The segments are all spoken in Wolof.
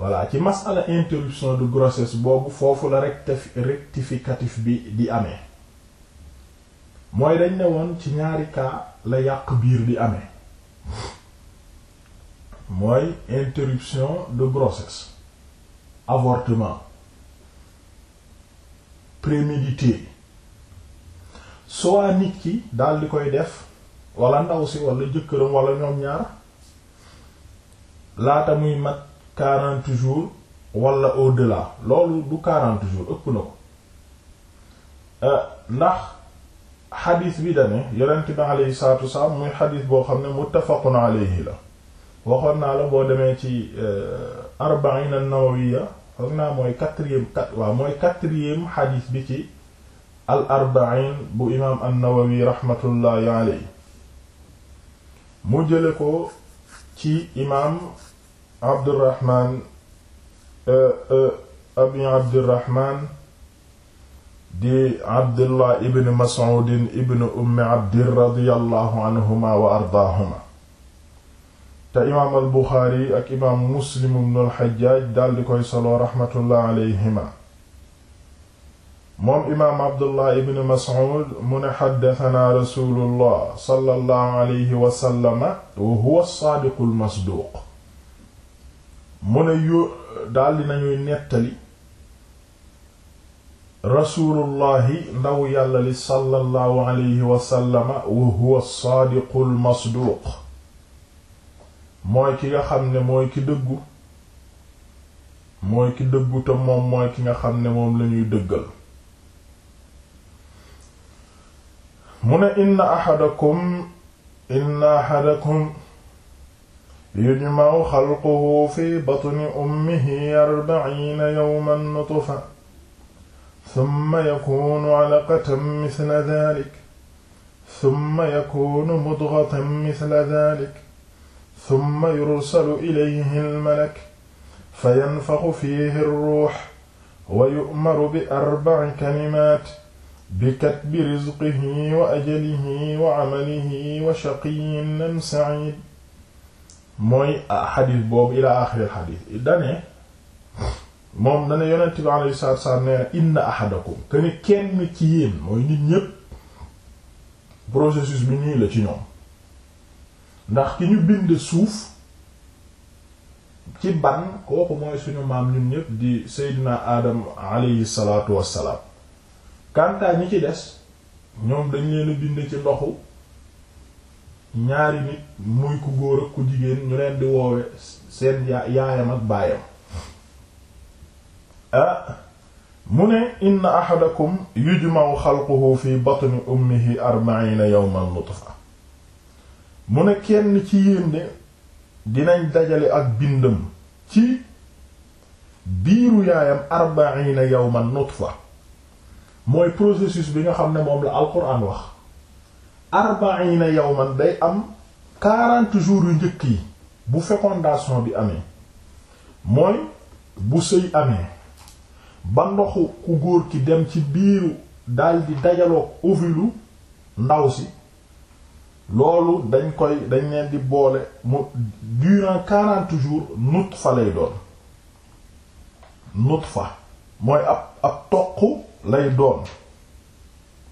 voilà ci masala interruption de grossesse boobu foofu la rectificatif bi di amee mooy dañ ne woon ci ñaari cas la yàq biir di amee mooy interruption de grossesse avortement prémédité soit nit ki daal di koy def wala ndaw si wala jëkkëram wala ñoom ñaar laata muy mat quarante jours wala au-delà loolu du quarante jours ëpp na ko euh, ndax xadis bi dane yonent bi aleyhi salatu wasalaam muy xadis boo xam ne muttafaqun aleyhi la waxoon naa la boo demee ci euh, arba'in an-nawawiyya foog naa mooy quatrième kat waaw mooy quatrième xadis bi ci al arba'in bu imaam an-nawawi rahmatullahi aleyhi mu jële ko ci imaam Abdurrahman e, e, abi Abdurrahman di Abdullah ibn Mas'ud ibn Ummi Abd radiyallahu anhuma wa ardaahuma te imaam al Buxaari ak imaam Muslim ibn al Hajjaaj daldi koy solo raxmatullah alayhima moom imaam Abdullah ibn Mas'ud mu ne xaddatanaa rasulullah sallallahu alayhi wa sallama wa huwa as-saadiqul masduuq mu ne yu daldi nañuy nettali rasulullahi ndaw yàlla li sallallahu alayhi wasallama wa huwa saadiqul masduuq mooy ki nga xam ne mooy ki dëggu mooy ki dëggu moom mooy ki nga xam ne moom lañuy dëggal mu ne inna ahadakum inna ahadakum yujma'u xalquhu fi batni ummihi arbaciina yawman nutfa summa yakunu calaqatan misla dalik summa yakunu mudghatan misla dalik summa yursalu ilayhi almalak fayanfaxu fiihi arruux wa yu'maru bi arbaci kalimaat bikatbi rizqihi wa ajalihi wa camalihi wa shaqiyyin am saciid mooy ah, xadis boobu ila axiril xadis dane moom dane yonent bi alayhi salaatu salaam nee na inna ahadakum kuene kenn ci yéen mooy nit ñépp processus bi nii la ci ñoom ndax ki ñu bind suuf ci ban kooku mooy suñu maam ñun ñépp di seydina adam alayhi salaatu wassalaam kantaa ñi ci des ñoom dañ leen bind ci ndoxu ñaari nit muy ku góor ak ku jigéen ñu leen di woowe seen yaayam ak baayam ah mu ne inna ahadakum yujma'u xalquhu fi batni ummihi arba'ina yawman nutfa mu ne kenn ci yéen dinañ dajale ak bindam ci biiru yaayam arba'ina yawman nutfa mooy processus bi nga xam ne moom la alquran wax arbaina yawman day am quarante jours yu njëkk yi bu fécondation bi amee mooy bu sëy amee ba ndoxu ku góor ki dem ci biiru daldi dajaloo ovilu ndaw si loolu dañ koy dañ leen di boole mu durant quarante jours nutfa lay doon nutfa mooy ab ab toq lay doon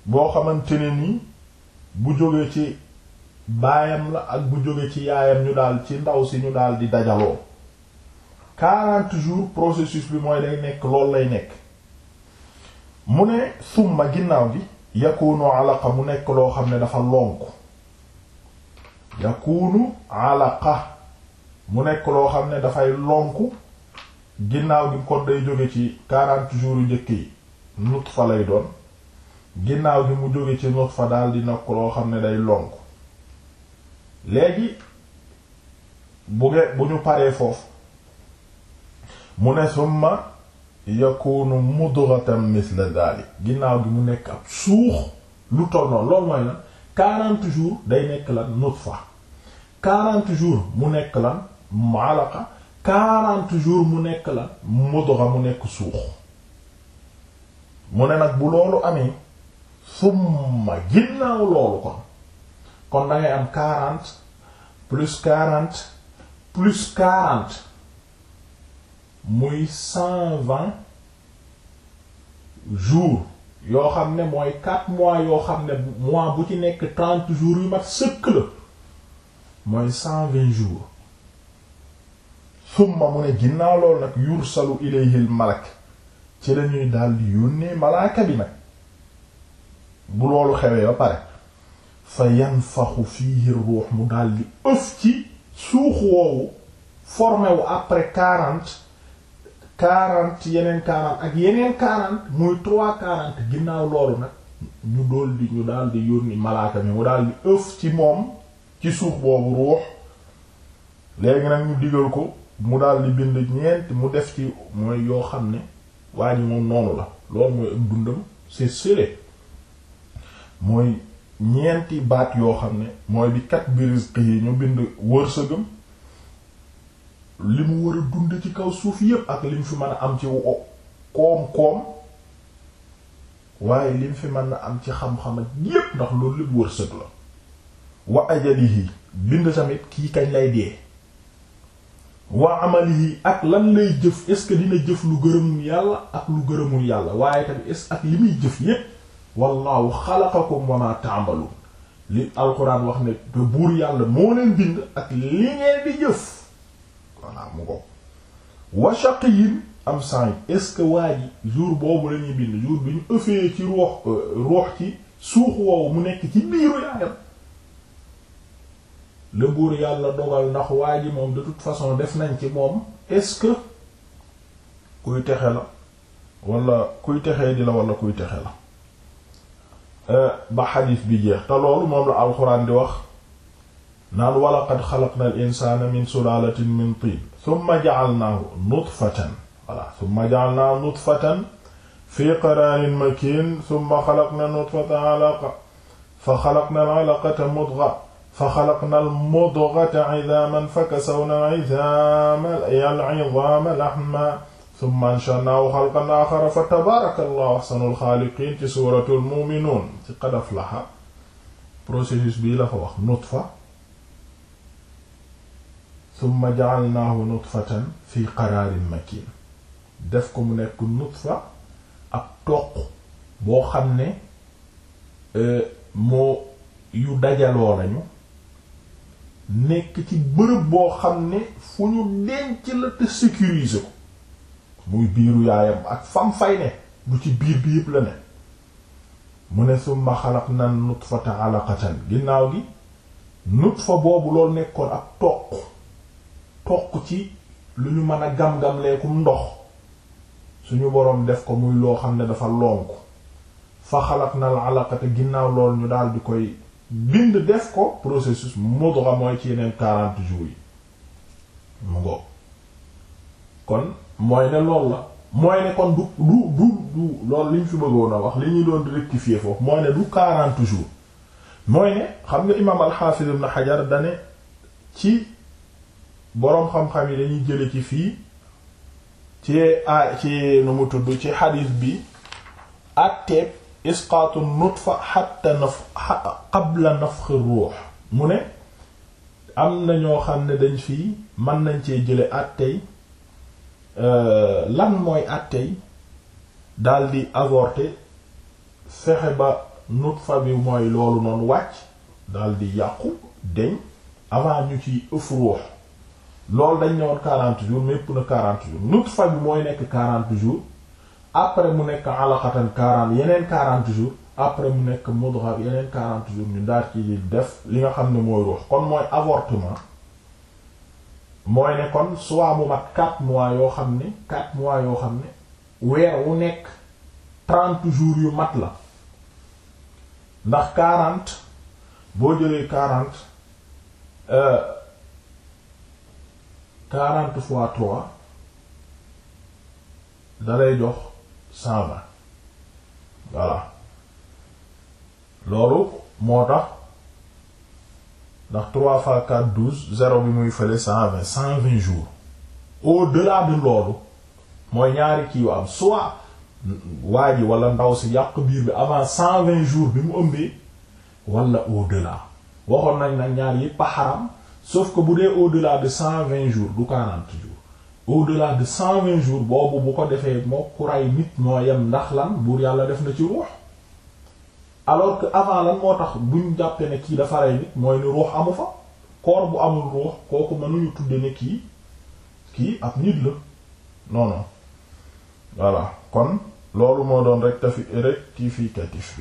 boo xamante ne nii bu jóge ci baayam la ak bu jóge ci yaayam ñu daal ci ndaw si ñu daal di dajaloo quarante jours processus bi mooy day nekk loolu lay nekk mu ne summa ginnaaw gi yakunu alaqa mu nekk loo xam ne dafa lonk yakunu alaqa mu nekk loo xam ne dafay lonku ginnaaw gi kon day jóge ci quarante jours yu njëkk yi nutfa lay doon ginnaaw bi mu jóge ci nut fa daal di nokk loo xam ne day lonk léegi bu nge bu ñu paree foofu mu ne summa yakunu mudratan misla dalik ginnaaw gi mu nekk ab suux lu toll noonu loolu mooy lan quarante jours day nekk lan nutfa quarante jours mu nekk la malaqa quarante jours mu nekk lan mudra mu nekk suux mu ne nag bu loolu amee summa ginnaaw loolu kon kon dangay am quarante plus quarante plus quarante muy cent vingt jours yoo xam ne mooy quatre mois yoo xam ne mois bu ci nekk trente jours yu mat sëkk la mooy cent vingt jours summa mu ne ginnaaw loolu nag yursalu ilayhil malak ci lañuy daldi yónnee malaaka bi nag bu loolu xewee ba pare fa yanfaxu fiihi ruux mu daldi ëf ci suux woowu formé wu après quarante quarante yeneen quarante ak yeneen quarante muy trois quarante ginnaaw loolu nag ñu dool di ñu daal di yónni malaaka mi mu daal ëf ci moom ci suux boobu ruux léegi nag ñu digal ko mu daal di bind ñeent mu def ci mooy yoo xam ne waa ji moom noonu la loolu mooy ak dundam c'est serré mooy ñeenti baat yoo xam ne mooy bi kat bi yi ñu bind wërsëgam li mu war a dund ci kaw suuf yépp ak lim fi mën a am ci koom-koom waaye lim fi mën na am ci xam-xam ak yépp ndax loolu lépp wërsëg la wa ajalihi bind tamit kii kañ lay dee wa amalihi ak lan lay jëf est-ce que dina jëf lu gërëmul yàlla ak lu gërëmul yàlla waaye tamit est ak li muy jëf yépp wallahu xalaqakum wa ma tàmbalu li alquran wax ne te buur yàlla moo leen bind ak li ngeen di jëf voilà mu ko wa shaqiyin am sa'id est-ce que waa jour boobu la ñuy bind jour bi ñu ëffee ci roox euh, roox ci suux woowu mu nekk ci biiru yaayam le buur yàlla dogal ndax waa ji moom de toute façon def nañ ci moom est-ce que kuy texe la wala kuy texee di la wala kuy texe la Euh, ba xadis bi jeex te loolu moom la alxuraan di wax naan walaqad xalaqna al insana min sulalatin min tin thumma ja'alnahu nutfatan voilà thumma ja'alnahu nutfatan fi qararin makin thumma xalaqna nutfatan alaqa fa xalaqna al alaqata mudgha فخلقنا المضغة عظاما فكسونا العظام العظام لحما summa ansha'naahu xalqan aaxara fa tabaaraka allahu axsanul ci suuratul mu'minuun ci qad aflaha processus bii la fa wax nutfa summa ja'alnaahu nutfatan fii qaraarin makiin def ko mu nekk nutfa ab toq boo xam ne e, moo yu dajaloo lañu nekk ci bërëb boo xam ne fu ñu denc la te sécuriser ko muy biiru yaayam ak fam fay ne bu ci biir bi yëpp la ne mu ne summa xalaqna nutfata alaqatan ginnaaw gi nutfa boobu loolu nekkoon ak toq toq ci lu ñu mën a gam-gam leekum ndox suñu boroom def ko muy loo xam ne dafa lonk fa xalaqna al alaqata ginnaaw lool ñu daal di koy bind def ko processus mudra mooy ci yeneen 40 jours yi mu ngoog kon mooy ne loolu la mooy ne kon du du du du loolu liñ fi bëggoon a wax li ñuy doon rectifier foofu mooy ne du 40 jours mooy ne xam nga imaam al-Hafiz ibn dane ci boroom xam-xam yi dañuy jële ci fii ci a ci nu mu tudd ci xadiis bi atteeg isqaatu nutfa hatta naf qabla nafxi ruux mu ne am na ñoo xam ne dañ fii mën nañ cee jële attey Euh, lan mooy àttey daldi avorter fexe ba nutfa bi mooy loolu noonu wàcc daldi yàqu deñ avant ñu ci ëff ruux loolu dañ ne woon quarante jours mais ëpp na quarante jours nutfa bi mooy nekk jour jours après mu nekk alaqatan quarante yeneen quarante jours après mu nekk mudghah yeneen quarante jours ñu daal ci def li nga xam ne mooy ruux kon mooy avortement mooy ne kon soit mu mat quatre mois yoo xam ni quatre mois yoo xam ne weer wu nekk trente jour yu mat la ndax quarante boo jëlee quarante euh, quarante fois trois dalay jox cent vingt voilà loolu moo tax ndax 3 fois 4 12 zéro bi muy fële cent 120 jours au-delà de loolu mooy ñaari kii soit waa ji wala ndaw si yàq biir bi avant cent 120 jours bi mu ëmbee wala au-delà waxoon nañ nag ñaar yépp a xaram sauf ko bu dee au-delà de vingt jours du 40 jours au-delà de 120 jours boobu bu ko defee moo ku ray nit ñoo yem ndax lan buur yàlla def na ci ruux alors que avant moo tax duñ jàppe ne kii dafa rey nit mooy ni ruux amu fa corps bu amul ruux kooku mënuñu tudde ne kii kii ab nit la noonu non voilà kon loolu moo doon rectifi rectificatif bi